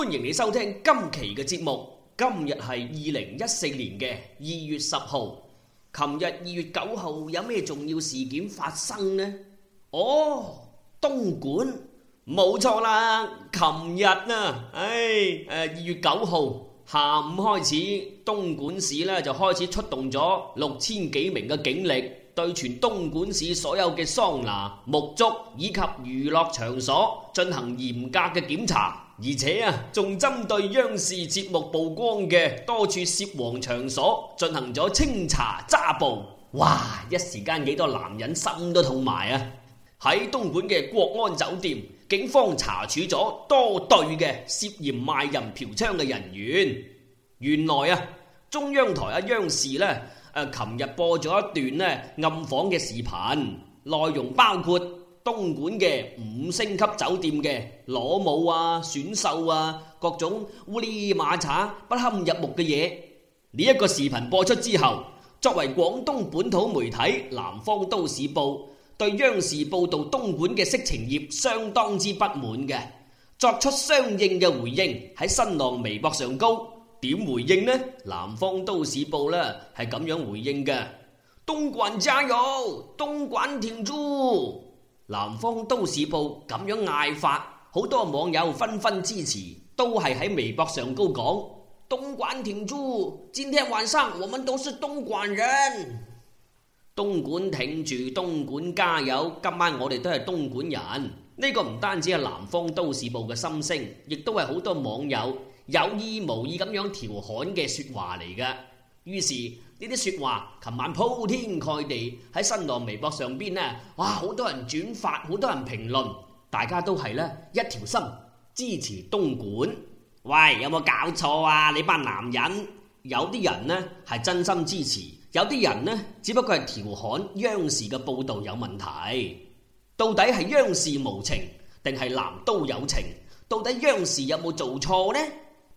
歡迎你收聽今期嘅節目。今日係二零一四年嘅二月十號。琴日二月九號有咩重要事件發生呢？哦，東莞冇錯啦。琴日啊，唉，誒，二月九號下午開始，東莞市呢就開始出動咗六千幾名嘅警力，對全東莞市所有嘅桑拿、沐足以及娛樂場所進行嚴格嘅檢查。而且啊，仲針對央視節目曝光嘅多處涉黃場所進行咗清查揸捕。哇！一時間幾多男人心都痛埋啊！喺東莞嘅國安酒店，警方查處咗多對嘅涉嫌賣淫嫖娼嘅人員。原來啊，中央台啊央視呢，誒，琴日播咗一段呢暗訪嘅視頻，內容包括。東莞嘅五星級酒店嘅裸舞啊、選秀啊、各種烏哩馬茶不堪入目嘅嘢，呢一個視頻播出之後，作為廣東本土媒體《南方都市報》對央視報道東莞嘅色情業相當之不滿嘅，作出相應嘅回應喺新浪微博上高點回應呢？《南方都市報》呢係咁樣回應嘅：東莞加油，東莞挺住。南方都市報咁樣嗌法，好多網友紛紛支持，都係喺微博上高講：東莞挺住，今天晚上我們都是東莞人。東莞挺住，東莞加油！今晚我哋都係東莞人。呢個唔單止係南方都市報嘅心聲，亦都係好多網友有意無意咁樣調侃嘅說話嚟噶。於是。呢啲説話，琴晚鋪天蓋地喺新浪微博上邊呢，哇！好多人轉發，好多人評論，大家都係呢，一條心支持東莞。喂，有冇搞錯啊？你班男人，有啲人呢係真心支持，有啲人呢只不過係調侃央視嘅報導有問題。到底係央視無情，定係南都有情？到底央視有冇做錯呢？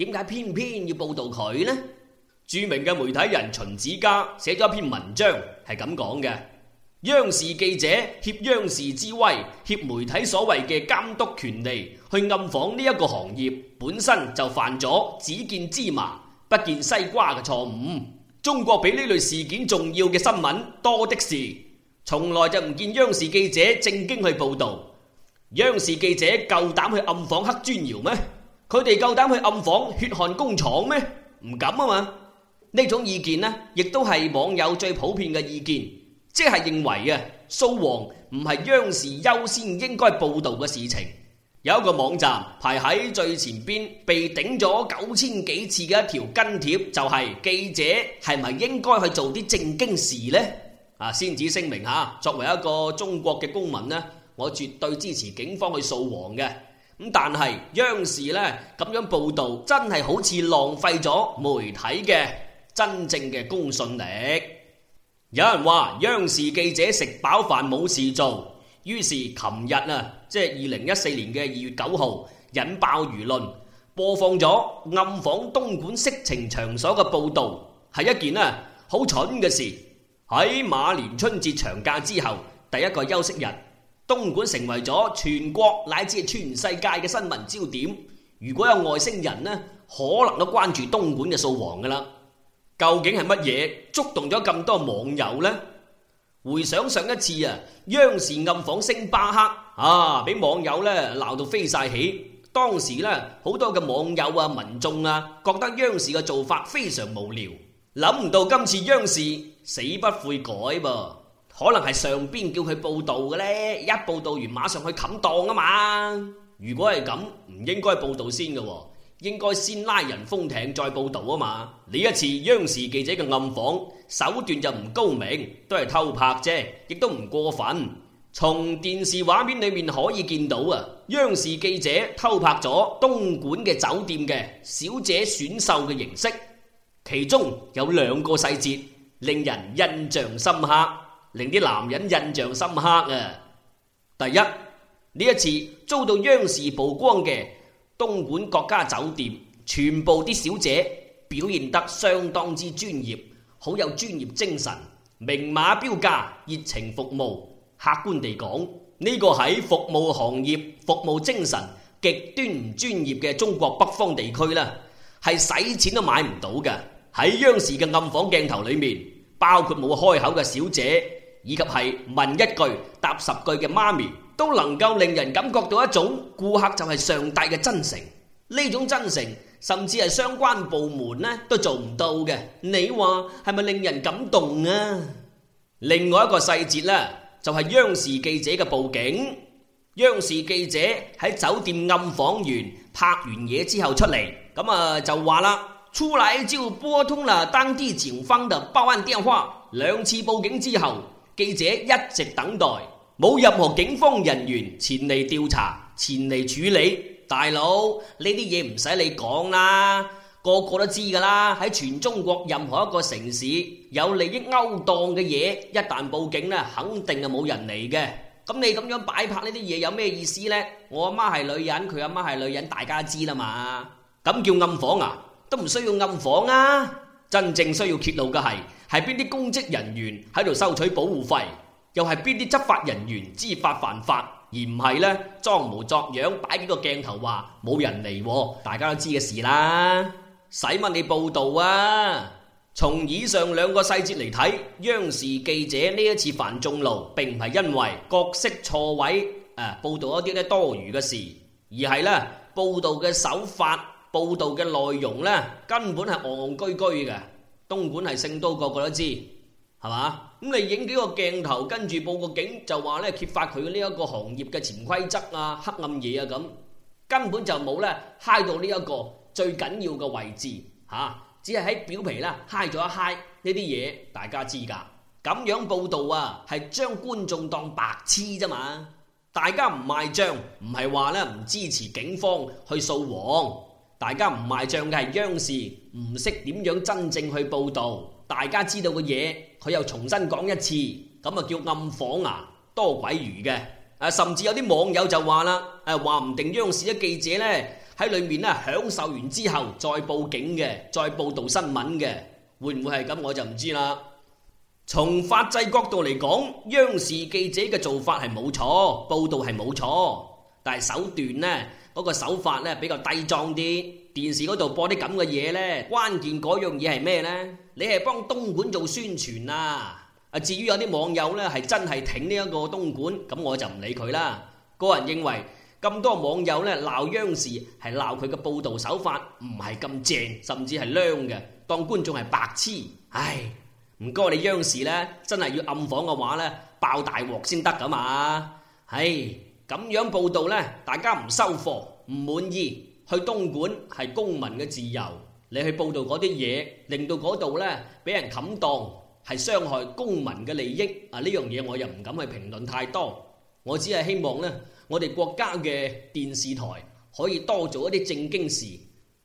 點解偏偏要報道佢呢？著名嘅媒體人秦子嘉寫咗一篇文章，係咁講嘅：央視記者挾央視之威，挾媒體所謂嘅監督權利去暗訪呢一個行業，本身就犯咗只見芝麻不見西瓜嘅錯誤。中國比呢類事件重要嘅新聞多的是，從來就唔見央視記者正經去報道。央視記者夠膽去暗訪黑磚窑咩？佢哋夠膽去暗訪血汗工廠咩？唔敢啊嘛！呢種意見呢，亦都係網友最普遍嘅意見，即係認為啊，掃黃唔係央視優先應該報道嘅事情。有一個網站排喺最前邊，被頂咗九千幾次嘅一條跟帖，就係記者係咪應該去做啲正經事呢？啊，先至聲明吓，作為一個中國嘅公民呢，我絕對支持警方去掃黃嘅。咁但係，央視呢，咁樣報道，真係好似浪費咗媒體嘅真正嘅公信力。有人話央視記者食飽飯冇事做，於是琴日啊，即係二零一四年嘅二月九號，引爆輿論，播放咗暗訪東莞色情場所嘅報道，係一件啊好蠢嘅事。喺馬年春節長假之後第一個休息日。東莞成為咗全國乃至全世界嘅新聞焦點。如果有外星人呢，可能都關注東莞嘅掃黃噶啦。究竟係乜嘢觸動咗咁多網友呢？回想上一次啊，央視暗訪星巴克啊，俾網友呢鬧到飛晒起。當時呢，好多嘅網友啊、民眾啊，覺得央視嘅做法非常無聊。諗唔到今次央視死不悔改噃。可能係上邊叫佢報道嘅呢，一報道完馬上去冚檔啊嘛。如果係咁，唔應該報道先嘅，應該先拉人封艇再報道啊嘛。呢一次央視記者嘅暗訪手段就唔高明，都係偷拍啫，亦都唔過分。從電視畫面裏面可以見到啊，央視記者偷拍咗東莞嘅酒店嘅小姐選秀嘅形式，其中有兩個細節令人印象深刻。令啲男人印象深刻啊！第一，呢一次遭到央視曝光嘅東莞國家酒店，全部啲小姐表現得相當之專業，好有專業精神，明碼標價，熱情服務。客觀地講，呢、這個喺服務行業、服務精神極端唔專業嘅中國北方地區啦，係使錢都買唔到嘅。喺央視嘅暗訪鏡頭裏面，包括冇開口嘅小姐，以及係問一句答十句嘅媽咪都能夠令人感覺到一種顧客就係上帝嘅真誠，呢種真誠甚至係相關部門呢都做唔到嘅，你話係咪令人感動啊？另外一個細節呢，就係、是、央視記者嘅報警。央視記者喺酒店暗訪完拍完嘢之後出嚟，咁啊就話啦，出來就撥通了當地警方的報案電話，兩次報警之後。記者一直等待，冇任何警方人員前嚟調查、前嚟處理。大佬，呢啲嘢唔使你講啦，個個都知噶啦。喺全中國任何一個城市有利益勾當嘅嘢，一旦報警呢，肯定係冇人嚟嘅。咁你咁樣擺拍呢啲嘢有咩意思呢？我阿媽係女人，佢阿媽係女人，大家知啦嘛。咁叫暗訪啊？都唔需要暗訪啊。真正需要揭露嘅係係邊啲公職人員喺度收取保護費，又係邊啲執法人員知法犯法，而唔係咧裝模作樣擺幾個鏡頭話冇人嚟、哦，大家都知嘅事啦。使乜你報道啊？從以上兩個細節嚟睇，央視記者呢一次犯眾怒並唔係因為角色錯位，誒、呃、報道一啲咧多餘嘅事，而係咧報道嘅手法。報道嘅內容咧，根本係戇戇居居嘅。東莞係性都，個個都知，係嘛？咁、嗯、你影幾個鏡頭，跟住報個警，就話咧揭發佢呢一個行業嘅潛規則啊、黑暗嘢啊咁，根本就冇呢嗨到呢一個最緊要嘅位置吓、啊，只係喺表皮呢。嗨咗一嗨呢啲嘢，大家知噶。咁樣報道啊，係將觀眾當白痴啫嘛！大家唔賣賬，唔係話呢，唔支持警方去掃黃。大家唔賣帳嘅係央視，唔識點樣真正去報導。大家知道嘅嘢，佢又重新講一次，咁啊叫暗訪啊，多鬼餘嘅。啊，甚至有啲網友就話啦，誒話唔定央視嘅記者呢喺裏面呢享受完之後再報警嘅，再報導新聞嘅，會唔會係咁，我就唔知啦。從法制角度嚟講，央視記者嘅做法係冇錯，報導係冇錯，但係手段呢。嗰個手法呢，比較低檔啲，電視嗰度播啲咁嘅嘢呢，關鍵嗰樣嘢係咩呢？你係幫東莞做宣傳啊！啊，至於有啲網友呢，係真係挺呢一個東莞，咁我就唔理佢啦。個人認為咁多網友呢鬧央視係鬧佢嘅報道手法唔係咁正，甚至係靚嘅，當觀眾係白痴。唉，唔該你央視呢，真係要暗訪嘅話呢，爆大鑊先得噶嘛，唉。咁樣報道呢，大家唔收貨唔滿意，去東莞係公民嘅自由。你去報道嗰啲嘢，令到嗰度呢俾人冚當，係傷害公民嘅利益。啊，呢樣嘢我又唔敢去評論太多。我只係希望呢，我哋國家嘅電視台可以多做一啲正經事。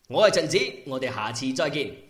我係陳子，我哋下次再見。